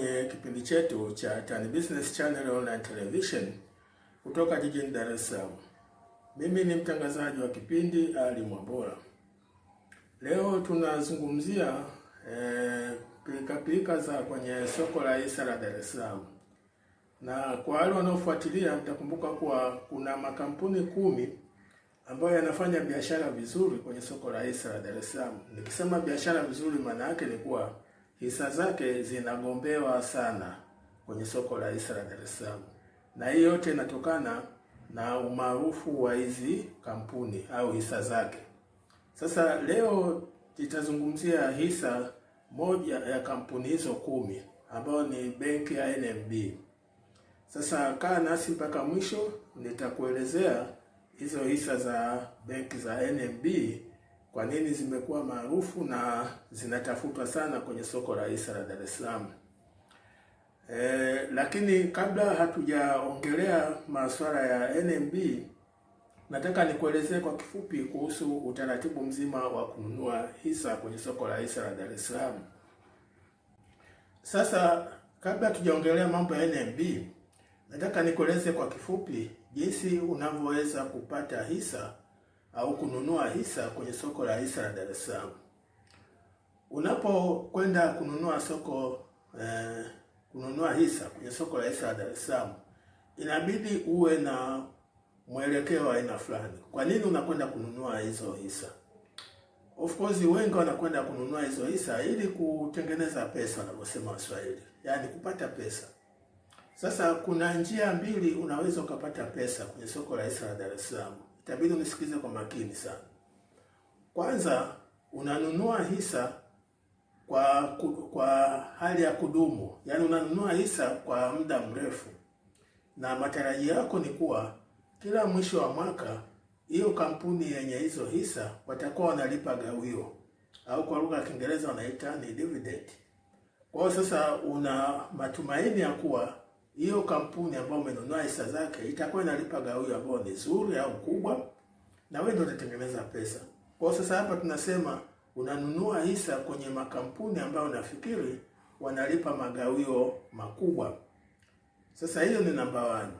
kwenye kipindi chetu cha Tan Business Channel Online Television kutoka jijini Dar es Salaam. Mimi ni mtangazaji wa kipindi Ali Mwambola. Leo tunazungumzia eh, pilikapilika za kwenye soko la hisa la Dar es Salaam, na kwa wale wanaofuatilia mtakumbuka kuwa kuna makampuni kumi ambayo yanafanya biashara vizuri kwenye soko la hisa la Dar es Salaam. Nikisema biashara vizuri, maana yake ni kuwa hisa zake zinagombewa sana kwenye soko la hisa la Dar es Salaam, na hii yote inatokana na umaarufu wa hizi kampuni au hisa zake. Sasa leo nitazungumzia hisa moja ya kampuni hizo kumi ambayo ni benki ya NMB. Sasa kaa nasi mpaka mwisho, nitakuelezea hizo hisa za benki za NMB kwa nini zimekuwa maarufu na zinatafutwa sana kwenye soko la hisa la Dar es Salaam? E, lakini kabla hatujaongelea masuala ya NMB, nataka nikuelezee kwa kifupi kuhusu utaratibu mzima wa kununua hisa kwenye soko la hisa la Dar es Salaam. Sasa kabla hatujaongelea mambo ya NMB, nataka nikueleze kwa kifupi jinsi unavyoweza kupata hisa au kununua hisa kwenye soko la hisa la Dar es Salaam. Unapokwenda kununua soko eh, kununua hisa kwenye soko la hisa la Dar es Salaam inabidi uwe na mwelekeo wa aina fulani. Kwa nini unakwenda kununua hizo hisa? Of course wengi wanakwenda kununua hizo hisa ili kutengeneza pesa, wanavyosema Waswahili, yaani kupata pesa. Sasa kuna njia mbili unaweza ukapata pesa kwenye soko la hisa la Dar es Salaam itabidi unisikize kwa makini sana. Kwanza unanunua hisa kwa kwa hali ya kudumu, yaani unanunua hisa kwa muda mrefu, na matarajio yako ni kuwa kila mwisho wa mwaka hiyo kampuni yenye hizo hisa watakuwa wanalipa gawio au kwa lugha ya Kiingereza wanaita ni dividend. Kwa hiyo sasa una matumaini ya kuwa hiyo kampuni ambayo umenunua hisa zake itakuwa inalipa gawio ambayo ni zuri au kubwa, na wewe ndio utatengeneza pesa. Kwa sasa hapa tunasema unanunua hisa kwenye makampuni ambayo unafikiri wanalipa magawio makubwa. Sasa hiyo ni namba wani.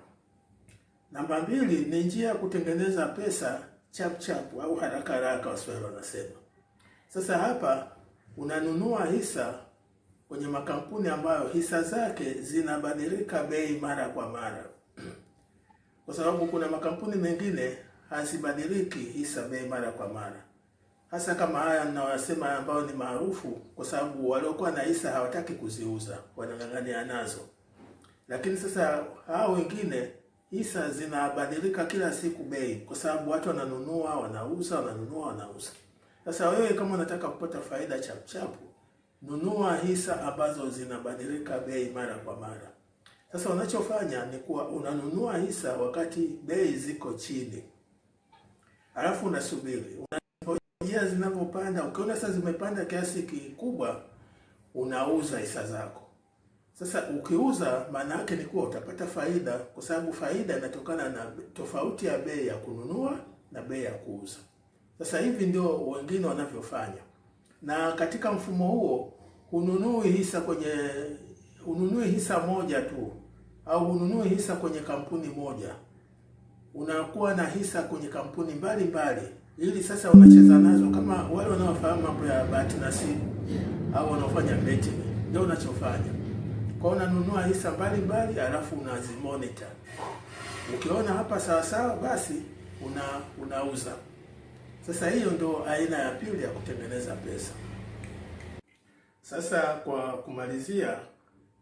Namba mbili ni njia ya kutengeneza pesa chap chap au haraka haraka, Waswahili wanasema. Sasa hapa unanunua hisa kwenye makampuni ambayo hisa zake zinabadilika bei mara kwa mara, kwa sababu kuna makampuni mengine hazibadiliki hisa bei mara kwa mara, hasa kama haya ninayoyasema ambayo ni maarufu, kwa sababu waliokuwa na hisa hawataki kuziuza, wanang'ang'ania nazo. Lakini sasa hao wengine hisa zinabadilika kila siku bei, kwa sababu watu wananunua, wanauza, wananunua, wanauza. Sasa wewe kama unataka kupata faida chapuchapu, nunua hisa ambazo zinabadilika bei mara kwa mara. Sasa unachofanya ni kuwa unanunua hisa wakati bei ziko chini alafu unasubiri unapojia zinavyopanda. Ukiona sasa zimepanda kiasi kikubwa, unauza hisa zako. Sasa ukiuza, maana yake ni kuwa utapata faida, kwa sababu faida inatokana na tofauti ya bei ya kununua na bei ya kuuza. Sasa hivi ndio wengine wanavyofanya, na katika mfumo huo hununui hisa kwenye hununui hisa moja tu au hununui hisa kwenye kampuni moja unakuwa na hisa kwenye kampuni mbalimbali mbali, ili sasa unacheza nazo kama wale wanaofahamu mambo ya bahati nasibu au wanaofanya betting, ndio unachofanya kwa unanunua hisa mbalimbali mbali, alafu unazimonitor. Ukiona hapa sawa sawa, basi una unauza. Sasa hiyo ndio aina ya pili ya kutengeneza pesa. Sasa kwa kumalizia,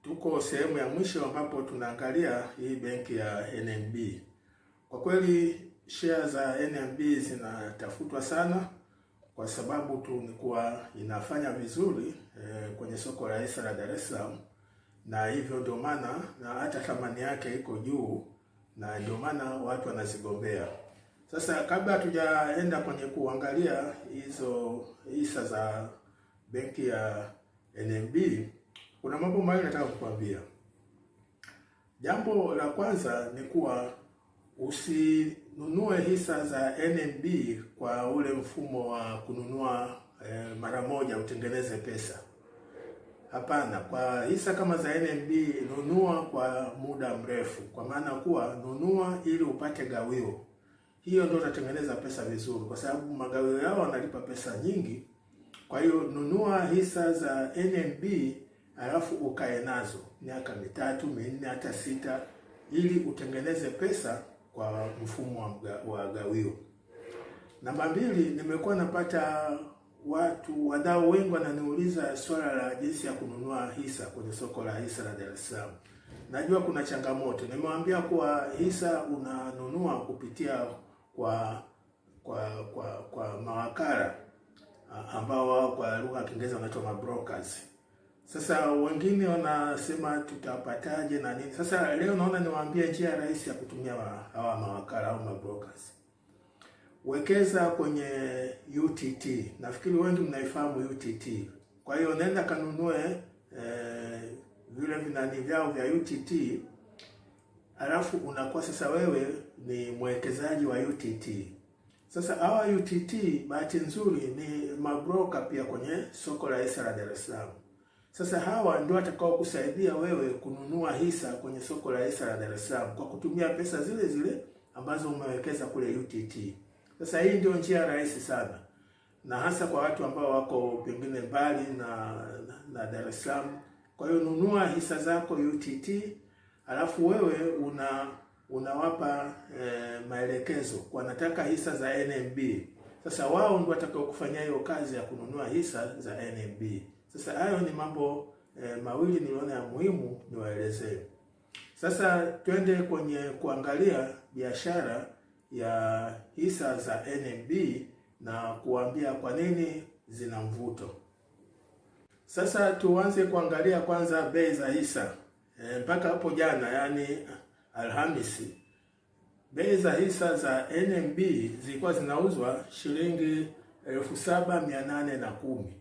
tuko sehemu ya mwisho ambapo tunaangalia hii benki ya NMB. Kwa kweli share za NMB zinatafutwa sana kwa sababu tu ni kuwa inafanya vizuri eh, kwenye soko la hisa la Dar es Salaam, na hivyo ndio maana na hata thamani yake iko juu, na ndio maana watu wanazigombea. Sasa kabla hatujaenda kwenye kuangalia hizo hisa za benki ya NMB, kuna mambo mawili nataka kukwambia. Jambo la kwanza ni kuwa usinunue hisa za NMB kwa ule mfumo wa kununua e, mara moja utengeneze pesa. Hapana, kwa hisa kama za NMB nunua kwa muda mrefu, kwa maana kuwa nunua ili upate gawio. Hiyo ndio utatengeneza pesa vizuri, kwa sababu magawio yao wanalipa pesa nyingi. Kwa hiyo nunua hisa za NMB alafu ukae nazo miaka mitatu minne hata sita, ili utengeneze pesa kwa mfumo wa, wa gawio. Namba mbili, nimekuwa napata watu wadau wengi wananiuliza swala la jinsi ya kununua hisa kwenye soko la hisa la Dar es Salaam. Najua kuna changamoto. Nimewaambia kuwa hisa unanunua kupitia kwa kwa kwa, kwa mawakala ambao wao kwa lugha ya Kiingereza wanaitwa mabrokers. Sasa wengine wanasema tutapataje na nini. Sasa leo naona niwaambie njia rahisi ya kutumia hawa mawakala au mabrokers. Wekeza kwenye UTT. Nafikiri wengi mnaifahamu UTT. Kwa hiyo nenda kanunue eh, vile vinani vyao vya UTT alafu unakuwa sasa wewe ni mwekezaji wa UTT. Sasa hawa UTT bahati nzuri ni mabroka pia kwenye soko la hisa la Dar es Salaam. Sasa hawa ndio watakao kusaidia wewe kununua hisa kwenye soko la hisa la Dar es Salaam kwa kutumia pesa zile zile ambazo umewekeza kule UTT. Sasa hii ndio njia rahisi sana, na hasa kwa watu ambao wako pengine mbali na, na, na Dar es Salaam. Kwa hiyo nunua hisa zako UTT, alafu wewe una unawapa e, maelekezo kwa nataka hisa za NMB. Sasa wao ndio watakao kufanya hiyo kazi ya kununua hisa za NMB. Sasa hayo ni mambo eh, mawili niliona ya muhimu niwaelezee. Sasa twende kwenye kuangalia biashara ya hisa za NMB na kuambia kwa nini zina mvuto. Sasa tuanze kuangalia kwanza bei za hisa eh, mpaka e, hapo jana, yaani Alhamisi, bei za hisa za NMB zilikuwa zinauzwa shilingi elfu saba mia nane na kumi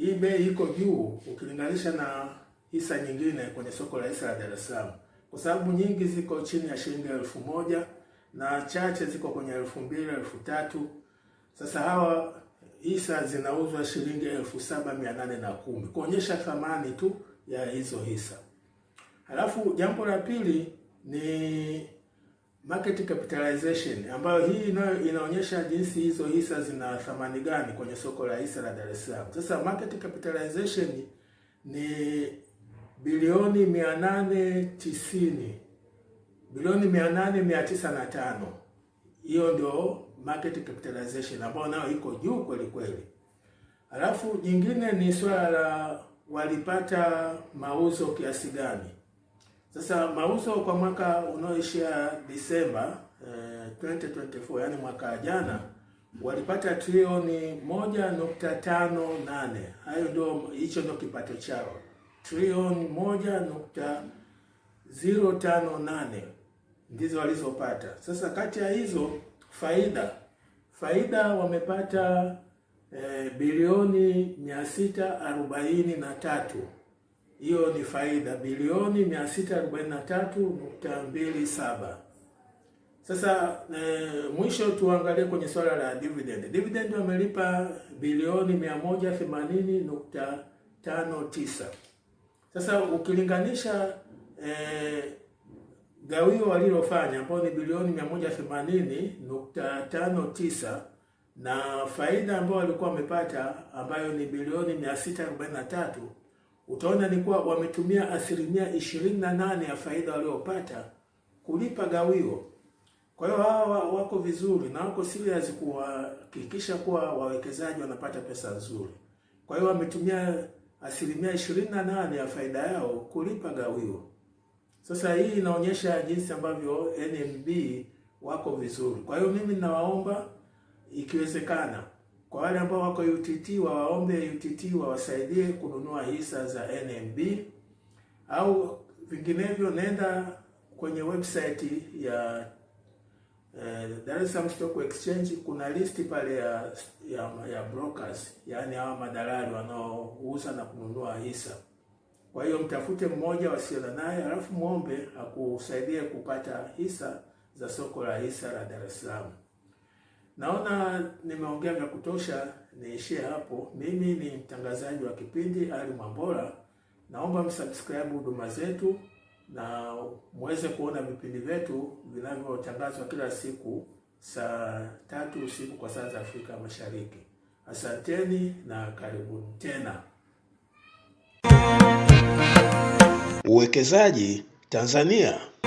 hii bei iko juu ukilinganisha na hisa nyingine kwenye soko la hisa la Dar es Salaam, kwa sababu nyingi ziko chini ya shilingi elfu moja na chache ziko kwenye elfu mbili elfu tatu Sasa hawa hisa zinauzwa shilingi elfu saba mia nane na kumi kuonyesha thamani tu ya hizo hisa. Halafu jambo la pili ni market capitalization ambayo hii ina, inaonyesha jinsi hizo hisa zina thamani gani kwenye soko la hisa la Dar es Salaam. Sasa market capitalization ni bilioni 890 bilioni 895. Hiyo ndio market capitalization ambayo nayo iko juu kweli kweli. Alafu jingine ni swala la walipata mauzo kiasi gani sasa mauzo kwa mwaka unaoishia Disemba eh, 2024 yani mwaka jana walipata trilioni 1.58. Hayo ndio hicho ndio kipato chao trilioni 1.058 ndizo walizopata. Sasa kati ya hizo faida faida wamepata eh, bilioni 643 hiyo ni faida bilioni 643.27. Sasa e, mwisho tuangalie kwenye swala la dividend. Dividend wamelipa bilioni 180.59. Sasa ukilinganisha e, gawio walilofanya ambao ni bilioni 180.59 na faida ambayo walikuwa wamepata ambayo ni bilioni 643 utaona ni kuwa wametumia asilimia ishirini na nane ya faida waliopata kulipa gawio. Kwa hiyo hawa wako vizuri na wako serious kuhakikisha kuwa wawekezaji wanapata pesa nzuri. Kwa hiyo wametumia asilimia ishirini na nane ya faida yao kulipa gawio. Sasa hii inaonyesha jinsi ambavyo NMB wako vizuri. Kwa hiyo mimi ninawaomba ikiwezekana kwa wale ambao wako UTT wawaombe UTT wawasaidie kununua hisa za NMB, au vinginevyo nenda kwenye website ya eh, Dar es Salaam Stock Exchange. Kuna listi pale ya ya, ya brokers, yaani hawa madalali wanaouza na kununua hisa. Kwa hiyo mtafute mmoja wasiona naye, alafu mwombe akusaidie kupata hisa za soko la hisa la Dar es Salaam. Naona nimeongea vya kutosha, niishie hapo. Mimi ni mtangazaji wa kipindi Ali Mwambola, naomba msubscribe huduma zetu na muweze kuona vipindi vyetu vinavyotangazwa kila siku saa tatu usiku kwa saa za Afrika Mashariki. Asanteni na karibuni tena. Uwekezaji Tanzania.